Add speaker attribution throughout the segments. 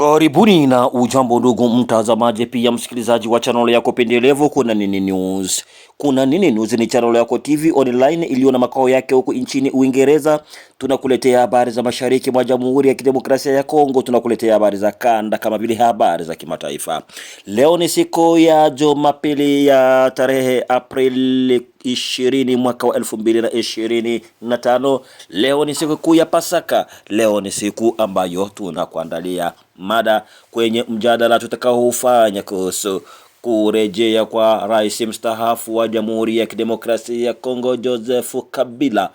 Speaker 1: Karibuni na ujambo ndugu mtazamaji, pia msikilizaji wa channel yako pendelevu Kuna Nini News. Kuna Nini News ni channel yako TV online iliyo na makao yake huko nchini Uingereza. Tunakuletea habari za mashariki mwa Jamhuri ya Kidemokrasia ya Kongo, tunakuletea habari za kanda kama vile habari za kimataifa. Leo ni siku ya Jumapili ya tarehe Aprili ishirini mwaka wa elfu mbili na ishirini na tano. Leo ni siku kuu ya Pasaka. Leo ni siku ambayo tunakuandalia mada kwenye mjadala tutakaofanya kuhusu kurejea kwa rais mstaafu wa Jamhuri ya Kidemokrasia ya Kongo Joseph Kabila,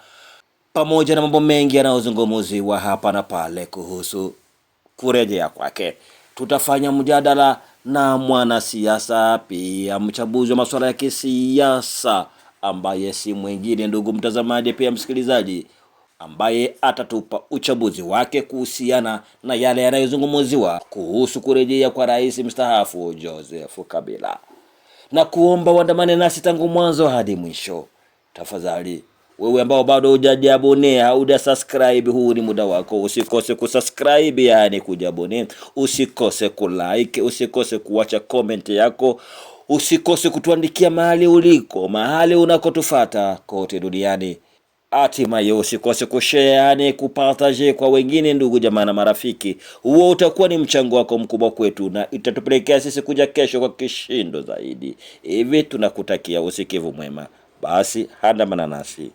Speaker 1: pamoja na mambo mengi yanayozungumziwa hapa na pale kuhusu kurejea kwake. Tutafanya mjadala na mwanasiasa pia mchambuzi wa masuala ya kisiasa ambaye si mwingine, ndugu mtazamaji, pia msikilizaji, ambaye atatupa uchambuzi wake kuhusiana na yale yanayozungumziwa kuhusu kurejea kwa rais mstaafu Joseph Kabila, na kuomba uandamane nasi tangu mwanzo hadi mwisho. Tafadhali wewe ambao bado hujajabone, hauja subscribe, huu ni muda wako, usikose kusubscribe, yaani kujabone, usikose kulike, usikose kuacha comment yako usikose kutuandikia mahali uliko, mahali unakotufata kote duniani. Hatimaye usikose kushare, yani kupartaje kwa wengine, ndugu jamaa na marafiki. Huo utakuwa ni mchango wako mkubwa kwetu na itatupelekea sisi kuja kesho kwa kishindo zaidi. Hivi tunakutakia usikivu mwema, basi andamana nasi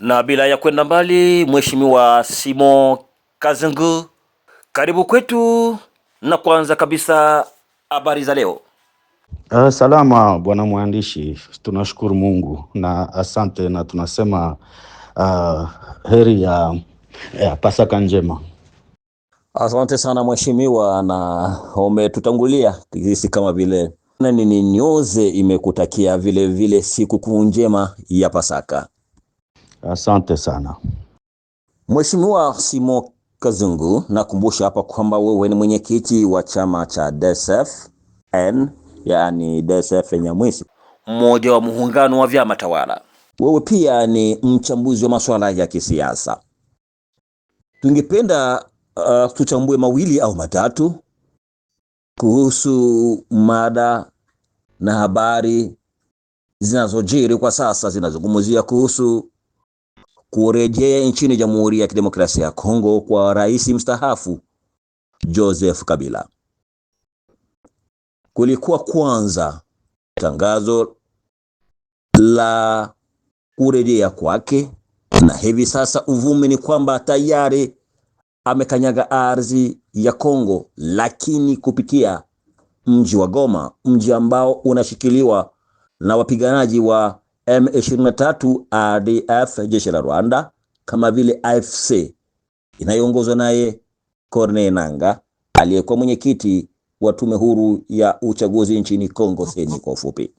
Speaker 1: na bila ya kwenda mbali, Mheshimiwa Simo Kazungu, karibu kwetu. Na kwanza kabisa habari za leo.
Speaker 2: Uh, salama bwana mwandishi, tunashukuru Mungu na asante na tunasema uh, heri ya, ya Pasaka njema.
Speaker 1: Asante sana mheshimiwa, na umetutangulia sisi kama vile nini nyoze imekutakia vile vile sikukuu njema ya Pasaka.
Speaker 2: Asante sana
Speaker 1: Mheshimiwa Simo Kazungu, nakumbusha hapa kwamba wewe ni mwenyekiti wa chama cha DSF yani DSF Nyamwisi, mmoja wa muungano wa vyama tawala. Wewe pia ni mchambuzi wa masuala ya kisiasa, tungependa uh, tuchambue mawili au matatu kuhusu mada na habari zinazojiri kwa sasa zinazungumzia kuhusu kurejea nchini Jamhuri ya Kidemokrasia ya Kongo kwa rais mstaafu Joseph Kabila kulikuwa kwanza tangazo la kurejea kwake, na hivi sasa uvumi ni kwamba tayari amekanyaga ardhi ya Kongo, lakini kupitia mji wa Goma, mji ambao unashikiliwa na wapiganaji wa M23 ADF, jeshi la Rwanda, kama vile AFC inayoongozwa naye Corneille Nangaa aliyekuwa mwenyekiti wa tume huru ya uchaguzi nchini Kongo seni kwa ufupi.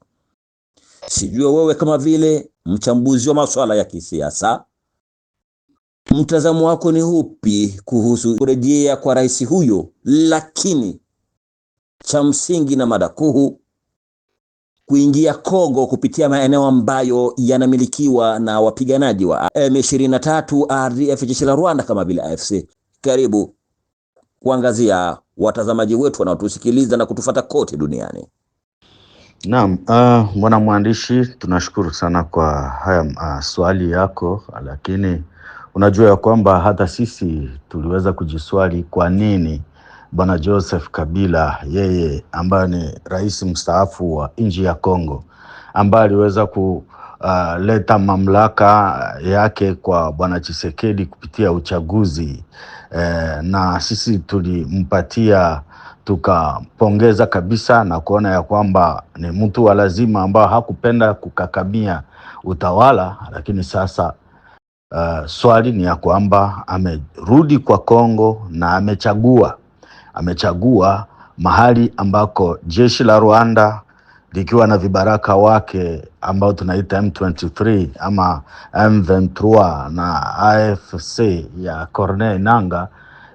Speaker 1: Sijua wewe kama vile mchambuzi wa masuala ya kisiasa, mtazamo wako ni upi kuhusu kurejea kwa rais huyo, lakini cha msingi na mada kuu kuingia Kongo kupitia maeneo ambayo yanamilikiwa na wapiganaji wa M23 RDF, jeshi la Rwanda kama vile AFC. Karibu kuangazia watazamaji wetu wanaotusikiliza na kutufata kote duniani.
Speaker 2: Naam, uh, ah, bwana mwandishi, tunashukuru sana kwa haya uh, swali yako, lakini unajua ya kwamba hata sisi tuliweza kujiswali kwa nini bwana Joseph Kabila yeye ambaye ni rais mstaafu wa nchi ya Kongo ambaye aliweza ku uh, leta mamlaka ah, yake kwa Bwana Chisekedi kupitia uchaguzi eh, na sisi tulimpatia tukapongeza kabisa na kuona ya kwamba ni mtu wa lazima ambao hakupenda kukakamia utawala, lakini sasa uh, swali ni ya kwamba amerudi kwa Kongo na amechagua amechagua mahali ambako jeshi la Rwanda likiwa na vibaraka wake ambao tunaita M23 ama M23 na AFC ya Corneille nanga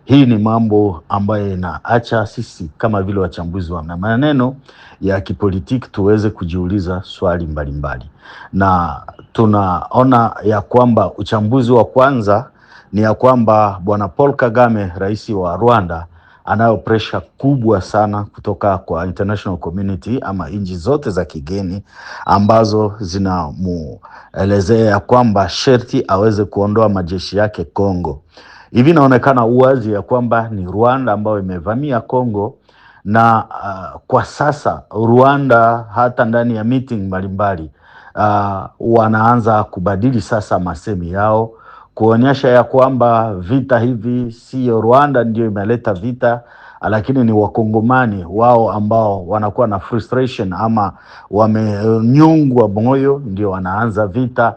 Speaker 2: Hii ni mambo ambayo inaacha sisi kama vile wachambuzi wa maneno ya kipolitiki tuweze kujiuliza swali mbalimbali mbali. Na tunaona ya kwamba uchambuzi wa kwanza ni ya kwamba Bwana Paul Kagame, rais wa Rwanda anayo presha kubwa sana kutoka kwa international community ama nchi zote za kigeni ambazo zinamuelezea kwamba sherti aweze kuondoa majeshi yake Kongo. Hivi inaonekana uwazi ya kwamba ni Rwanda ambayo imevamia Kongo na uh, kwa sasa Rwanda hata ndani ya meeting mbalimbali uh, wanaanza kubadili sasa masemi yao kuonyesha ya kwamba vita hivi siyo Rwanda ndio imeleta vita, lakini ni wakongomani wao ambao wanakuwa na frustration ama wamenyungwa moyo ndio wanaanza vita.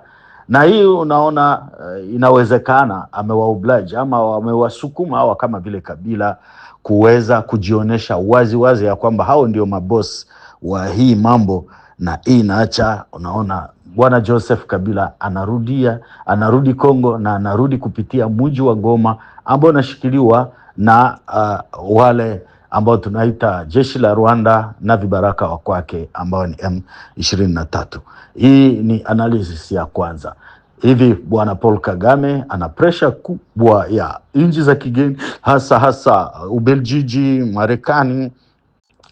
Speaker 2: Na hii unaona, eh, inawezekana amewaoblige ama amewasukuma hawa kama vile Kabila kuweza kujionyesha waziwazi wazi ya kwamba hao ndio maboss wa hii mambo na hii inaacha, unaona Bwana Joseph Kabila anarudia, anarudi Kongo na anarudi kupitia mji wa Goma ambao unashikiliwa na uh, wale ambao tunaita jeshi la Rwanda na vibaraka wa kwake ambao ni M23. Hii ni analysis ya kwanza. Hivi bwana Paul Kagame ana presha kubwa ya nchi za kigeni, hasa hasa Ubeljiji, Marekani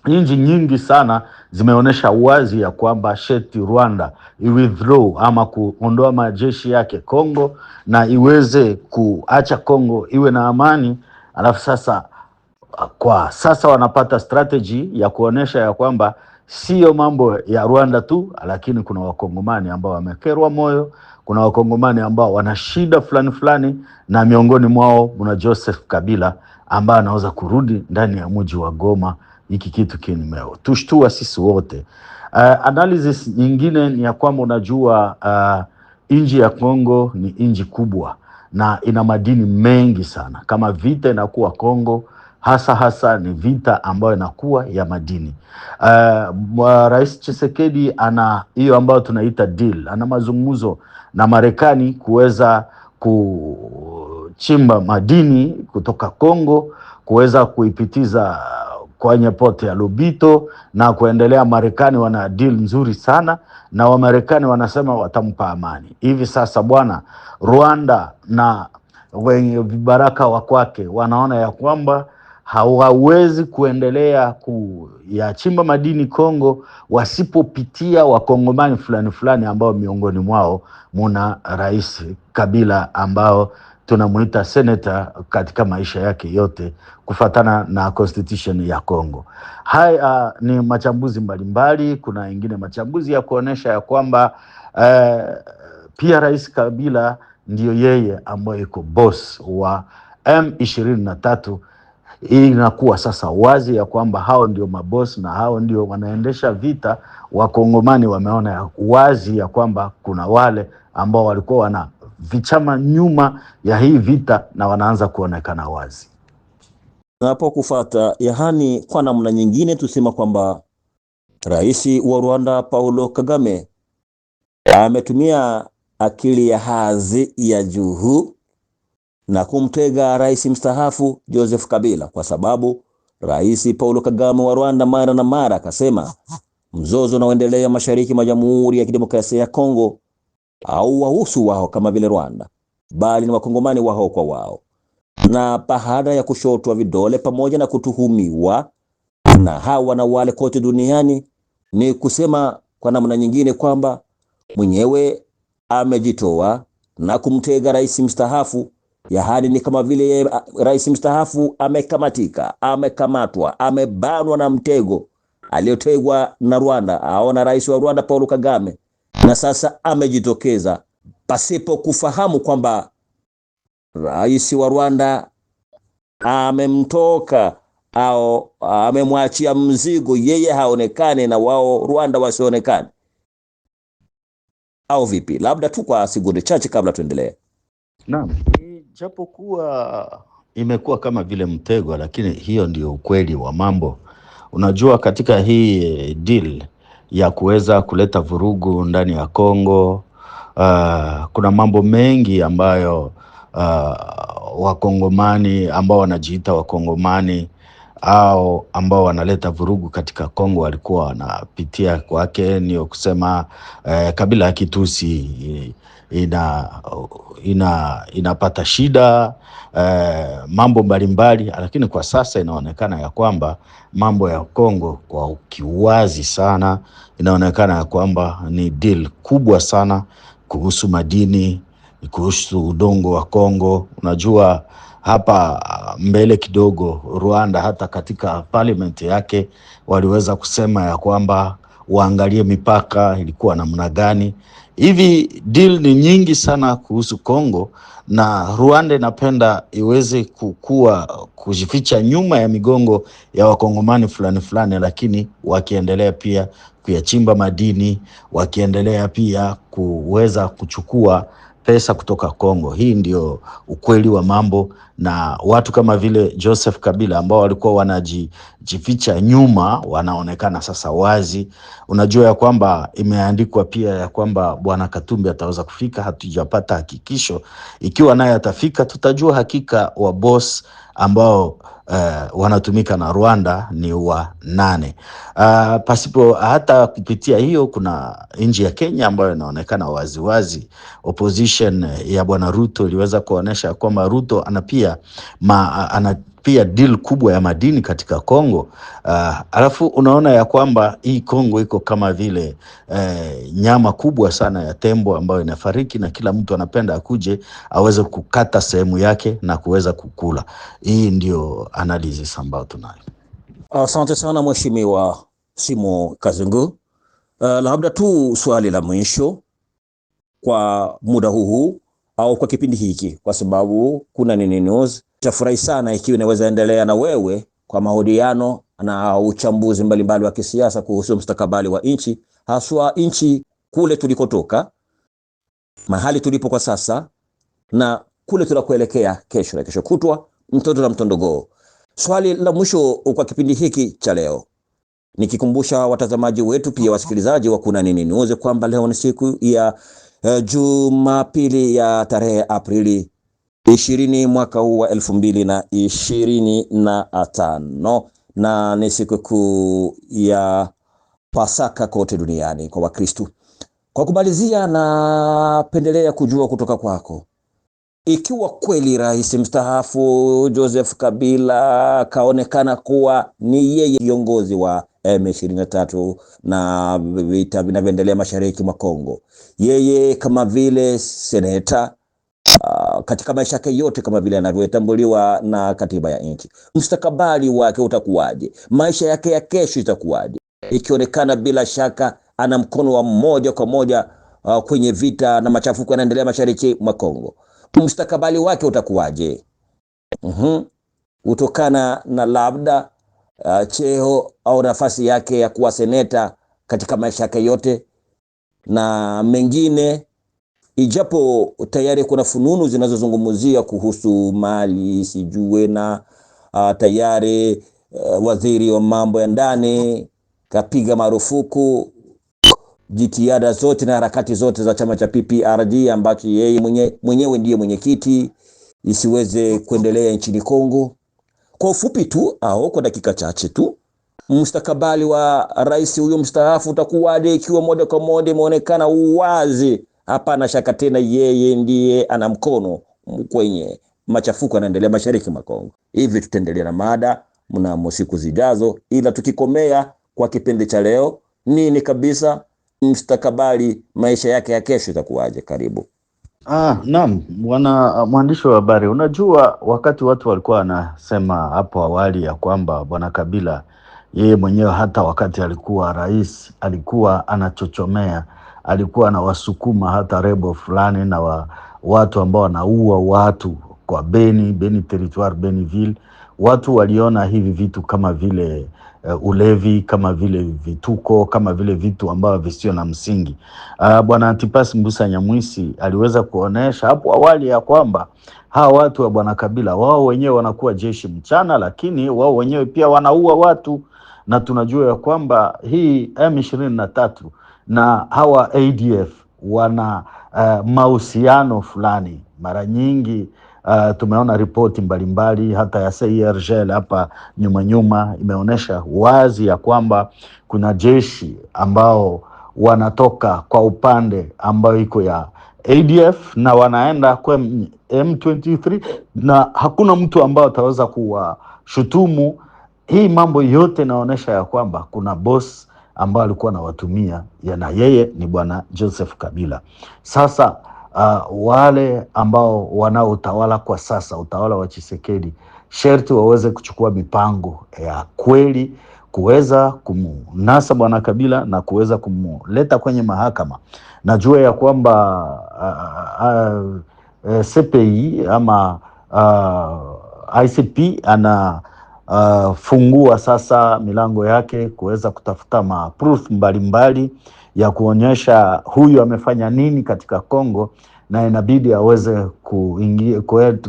Speaker 2: nchi nyingi sana zimeonyesha wazi ya kwamba sheti Rwanda withdraw ama kuondoa majeshi yake Kongo na iweze kuacha Kongo iwe na amani. Alafu sasa kwa sasa wanapata strategy ya kuonyesha ya kwamba siyo mambo ya Rwanda tu, lakini kuna wakongomani ambao wamekerwa moyo, kuna wakongomani ambao wana shida fulani fulani, na miongoni mwao kuna Joseph Kabila ambaye anaweza kurudi ndani ya mji wa Goma hiki kitu kinimeo tushtua sisi wote. Uh, analysis nyingine ni ya kwamba unajua, uh, nchi ya Kongo ni nji kubwa na ina madini mengi sana. Kama vita inakuwa Kongo hasa hasa ni vita ambayo inakuwa ya madini. Uh, Rais chisekedi ana hiyo ambayo tunaita deal, ana mazungumzo na Marekani kuweza kuchimba madini kutoka Kongo kuweza kuipitiza kwenye poti ya Lobito na kuendelea. Marekani wana deal nzuri sana na Wamarekani wanasema watampa amani. Hivi sasa bwana, Rwanda na wenye vibaraka wa kwake wanaona ya kwamba hawawezi kuendelea kuyachimba madini Kongo wasipopitia wakongomani fulani fulani ambao miongoni mwao muna Rais Kabila ambao tunamuita seneta katika maisha yake yote kufatana na constitution ya Kongo. Haya ah, ni machambuzi mbalimbali. Kuna wengine machambuzi ya kuonesha ya kwamba uh, pia Rais Kabila ndiyo yeye ambaye iko boss wa M23. inakuwa sasa wazi ya kwamba hao ndio maboss na hao ndio wanaendesha vita. Wakongomani wameona wazi ya kwamba kuna wale ambao walikuwa wana vichama nyuma ya hii vita na wanaanza kuonekana wazi.
Speaker 1: Napo kufata yahani, kwa namna nyingine tusema kwamba rais wa Rwanda Paulo Kagame ametumia akili ya hazi ya juu na kumtega rais mstaafu Joseph Kabila, kwa sababu rais Paulo Kagame wa Rwanda mara na mara akasema mzozo unaoendelea mashariki mwa Jamhuri ya Kidemokrasia ya Kongo au Wahusu wao kama vile Rwanda, bali ni Wakongomani wao kwa wao, na pahada ya kushotwa vidole pamoja na kutuhumiwa na hawa na wale kote duniani, ni kusema kwa namna nyingine kwamba mwenyewe amejitoa na kumtega rais mstaafu, yaani ni kama vile rais mstaafu amekamatika, amekamatwa, amebanwa na mtego aliyotegwa na Rwanda au na rais wa Rwanda Paul Kagame na sasa amejitokeza pasipo kufahamu kwamba rais wa Rwanda amemtoka au amemwachia mzigo, yeye haonekane na wao Rwanda wasionekane au vipi? Labda tu kwa sekunde chache kabla tuendelee.
Speaker 2: Naam, japokuwa imekuwa kama vile mtego, lakini hiyo ndio ukweli wa mambo. Unajua, katika hii deal ya kuweza kuleta vurugu ndani ya Kongo. Uh, kuna mambo mengi ambayo uh, wakongomani ambao wanajiita wakongomani au ambao wanaleta vurugu katika Kongo walikuwa wanapitia kwake, niyo kusema eh, kabila ya Kitusi eh, ina ina inapata shida eh, mambo mbalimbali, lakini kwa sasa inaonekana ya kwamba mambo ya Kongo kwa ukiwazi sana, inaonekana ya kwamba ni deal kubwa sana kuhusu madini ni kuhusu udongo wa Kongo. Unajua hapa uh, mbele kidogo, Rwanda hata katika parliament yake waliweza kusema ya kwamba waangalie mipaka ilikuwa namna gani. Hivi deal ni nyingi sana kuhusu Kongo, na Rwanda inapenda iweze kukua kujificha nyuma ya migongo ya wakongomani fulani fulani, lakini wakiendelea pia kuyachimba madini, wakiendelea pia kuweza kuchukua pesa kutoka Kongo. Hii ndio ukweli wa mambo, na watu kama vile Joseph Kabila ambao walikuwa wanajificha nyuma wanaonekana sasa wazi. Unajua ya kwamba imeandikwa pia ya kwamba bwana Katumbi ataweza kufika, hatujapata hakikisho. Ikiwa naye atafika, tutajua hakika wa boss ambao uh, wanatumika na Rwanda ni wa nane. Uh, pasipo hata kupitia hiyo, kuna nchi ya Kenya ambayo inaonekana waziwazi opposition ya bwana Ruto iliweza kuonyesha kwamba Ruto ana pia ma, ana pia deal kubwa ya madini katika Kongo. Uh, alafu unaona ya kwamba hii Kongo iko kama vile eh, nyama kubwa sana ya tembo ambayo inafariki na kila mtu anapenda akuje aweze kukata sehemu yake na kuweza kukula. Hii ndio analysis ambayo tunayo.
Speaker 1: Asante sana mheshimiwa Simo Kazungu. Uh, labda tu swali la mwisho kwa muda huu huu au kwa kipindi hiki, kwa sababu kuna Nini News, tafurahi sana ikiwa inaweza endelea na wewe kwa mahojiano na uchambuzi mbalimbali wa kisiasa kuhusu mustakabali wa nchi, haswa nchi kule tulikotoka, mahali tulipo kwa sasa na kule tunakuelekea kesho na kesho kutwa, mtoto na mtondogoo. Swali la mwisho kwa kipindi hiki cha leo nikikumbusha watazamaji wetu pia wasikilizaji wa Kuna Nini News kwamba leo ni siku ya uh, Jumapili ya tarehe Aprili ishirini mwaka huu wa elfu mbili na ishirini na tano na ni siku kuu ya Pasaka kote duniani kwa Wakristo. Kwa kumalizia, napendelea kujua kutoka kwako ikiwa kweli rais mstaafu Joseph Kabila kaonekana kuwa ni yeye kiongozi wa M23 na vita vinavyoendelea mashariki mwa Kongo. Yeye kama vile seneta Uh, katika maisha yake yote kama vile anavyotambuliwa na katiba ya nchi, mustakabali wake utakuwaje? Maisha yake ya kesho itakuwaje? Ikionekana bila shaka ana mkono wa moja kwa moja uh, kwenye vita na machafuko yanaendelea mashariki mwa Kongo, mustakabali wake utakuwaje? Uhum. Utokana na labda uh, cheo au nafasi yake ya kuwa seneta katika maisha yake yote na mengine, ijapo tayari kuna fununu zinazozungumzia kuhusu mali sijue na uh, tayari uh, waziri wa mambo ya ndani kapiga marufuku jitihada zote na harakati zote za chama cha PPRD ambacho yeye mwenyewe mwenye ndiye mwenyekiti isiweze kuendelea nchini Kongo. Kwa ufupi tu au kwa dakika chache tu, mustakabali wa rais huyo mstaafu utakuwaje ikiwa moja kwa moja imeonekana uwazi, hapana shaka tena, yeye ndiye ana mkono kwenye machafuko yanaendelea mashariki mwa Kongo. Hivi tutaendelea na mada mnamo siku zijazo, ila tukikomea kwa kipindi cha leo, nini kabisa mstakabali, maisha yake ya kesho itakuwaje? Karibu.
Speaker 2: Ah, naam bwana mwandishi wa habari, unajua wakati watu walikuwa wanasema hapo awali ya kwamba bwana Kabila yeye mwenyewe hata wakati alikuwa rais alikuwa anachochomea, alikuwa anawasukuma hata rebo fulani na wa, watu ambao wanaua watu kwa Beni, Beni Territoire, Beniville watu waliona hivi vitu kama vile uh, ulevi kama vile vituko kama vile vitu ambavyo visio na msingi. Uh, Bwana Antipas Mbusa Nyamwisi aliweza kuonesha hapo awali ya kwamba hawa watu wa Bwana Kabila wao wenyewe wanakuwa jeshi mchana, lakini wao wenyewe pia wanaua watu, na tunajua ya kwamba hii M23 na hawa ADF wana uh, mahusiano fulani mara nyingi Uh, tumeona ripoti mbalimbali hata ya CIRGL e hapa nyuma nyuma imeonyesha wazi ya kwamba kuna jeshi ambao wanatoka kwa upande ambayo iko ya ADF na wanaenda kwa M23 na hakuna mtu ambao ataweza kuwashutumu. Hii mambo yote inaonyesha ya kwamba kuna boss ambayo alikuwa anawatumia na yeye ni bwana Joseph Kabila. Sasa uh, wale ambao wanaotawala kwa sasa, utawala wa Chisekedi, sherti waweze kuchukua mipango ya kweli kuweza kumnasa bwana Kabila na kuweza kumleta kwenye mahakama. Najua ya kwamba uh, ah, uh, ah, uh, eh, CPI ama uh, ICP ana uh, fungua sasa milango yake kuweza kutafuta maproof mbalimbali ya kuonyesha huyu amefanya nini katika Kongo, na inabidi aweze kuingia,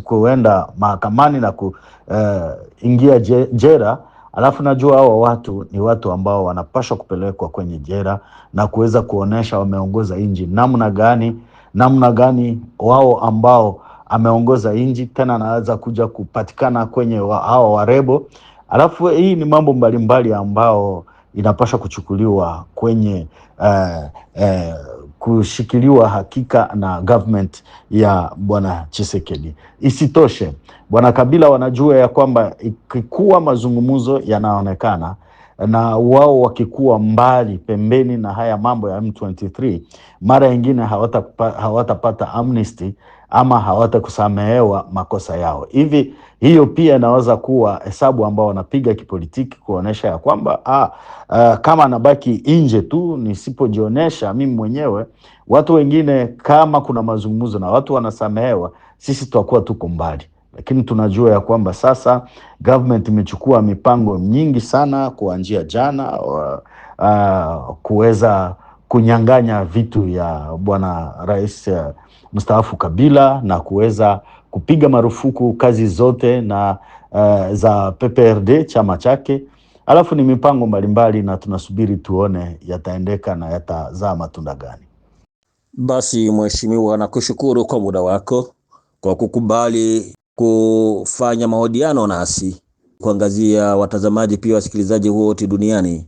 Speaker 2: kuenda mahakamani na kuingia eh, uh, jera. Alafu najua hawa watu ni watu ambao wanapaswa kupelekwa kwenye jera na kuweza kuonesha wameongoza nchi namna gani, namna gani wao ambao ameongoza nji tena anaweza kuja kupatikana kwenye wa, hawa warebo. Alafu hii ni mambo mbalimbali ambao inapaswa kuchukuliwa kwenye uh, uh, kushikiliwa hakika na government ya bwana Chisekedi. Isitoshe, bwana Kabila wanajua ya kwamba ikikuwa mazungumzo yanaonekana na wao wakikuwa mbali pembeni na haya mambo ya M23, mara nyingine hawatapata hawata amnesty ama hawatakusamehewa makosa yao. Hivi hiyo pia inaweza kuwa hesabu ambao wanapiga kipolitiki kuonyesha ya kwamba ah, uh, kama anabaki nje tu nisipojionyesha mimi mwenyewe, watu wengine, kama kuna mazungumzo na watu wanasamehewa, sisi tutakuwa tuko mbali lakini tunajua ya kwamba sasa government imechukua mipango nyingi sana kuanzia jana uh, kuweza kunyang'anya vitu ya bwana rais eh, mstaafu Kabila na kuweza kupiga marufuku kazi zote na uh, za PPRD chama chake. Alafu ni mipango mbalimbali, na tunasubiri tuone yataendeka na yatazaa matunda gani.
Speaker 1: Basi mheshimiwa, nakushukuru kwa muda wako, kwa kukubali kufanya mahojiano nasi, kuangazia watazamaji pia wasikilizaji wote duniani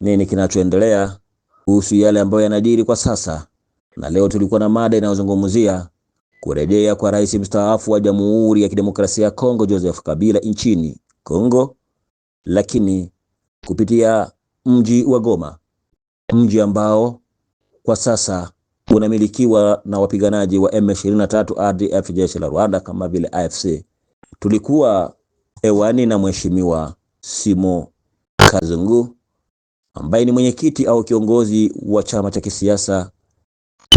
Speaker 1: nini kinachoendelea kuhusu yale ambayo yanajiri kwa sasa, na leo tulikuwa na mada inayozungumzia kurejea kwa rais mstaafu wa Jamhuri ya Kidemokrasia ya Kongo Joseph Kabila nchini Kongo, lakini kupitia mji wa Goma, mji ambao kwa sasa unamilikiwa na wapiganaji wa M23 RDF, jeshi la Rwanda kama vile AFC. Tulikuwa hewani na mheshimiwa Simo Kazungu ambaye ni mwenyekiti au kiongozi wa chama cha kisiasa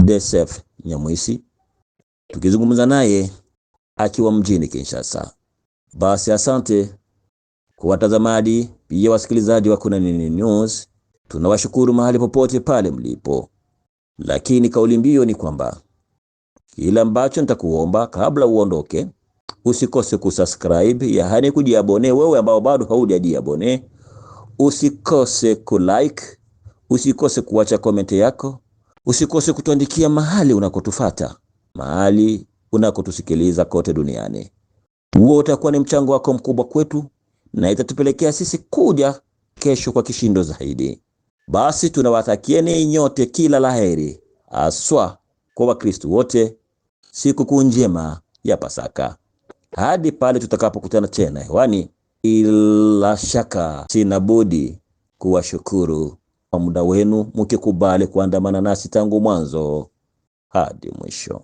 Speaker 1: DSF Nyamwisi. Tukizungumza naye akiwa mjini Kinshasa. Basi asante kwa watazamaji pia wasikilizaji wa Kuna Nini News, tunawashukuru mahali popote pale mlipo, lakini kauli mbiu ni kwamba kila ambacho nitakuomba kabla uondoke, usikose kusubscribe, yaani kujiabone, wewe ambao bado haujajiabone Usikose kulike, usikose kuacha komenti yako, usikose kutuandikia mahali unakotufata, mahali unakotusikiliza kote duniani. Huo utakuwa ni mchango wako mkubwa kwetu na itatupelekea sisi kuja kesho kwa kishindo zaidi. Basi tunawatakieni nyote kila laheri, aswa kwa Wakristo wote, sikukuu njema ya Pasaka hadi pale tutakapokutana tena hewani. Bila shaka sina budi kuwashukuru kwa muda wenu mkikubali kuandamana nasi tangu mwanzo hadi mwisho.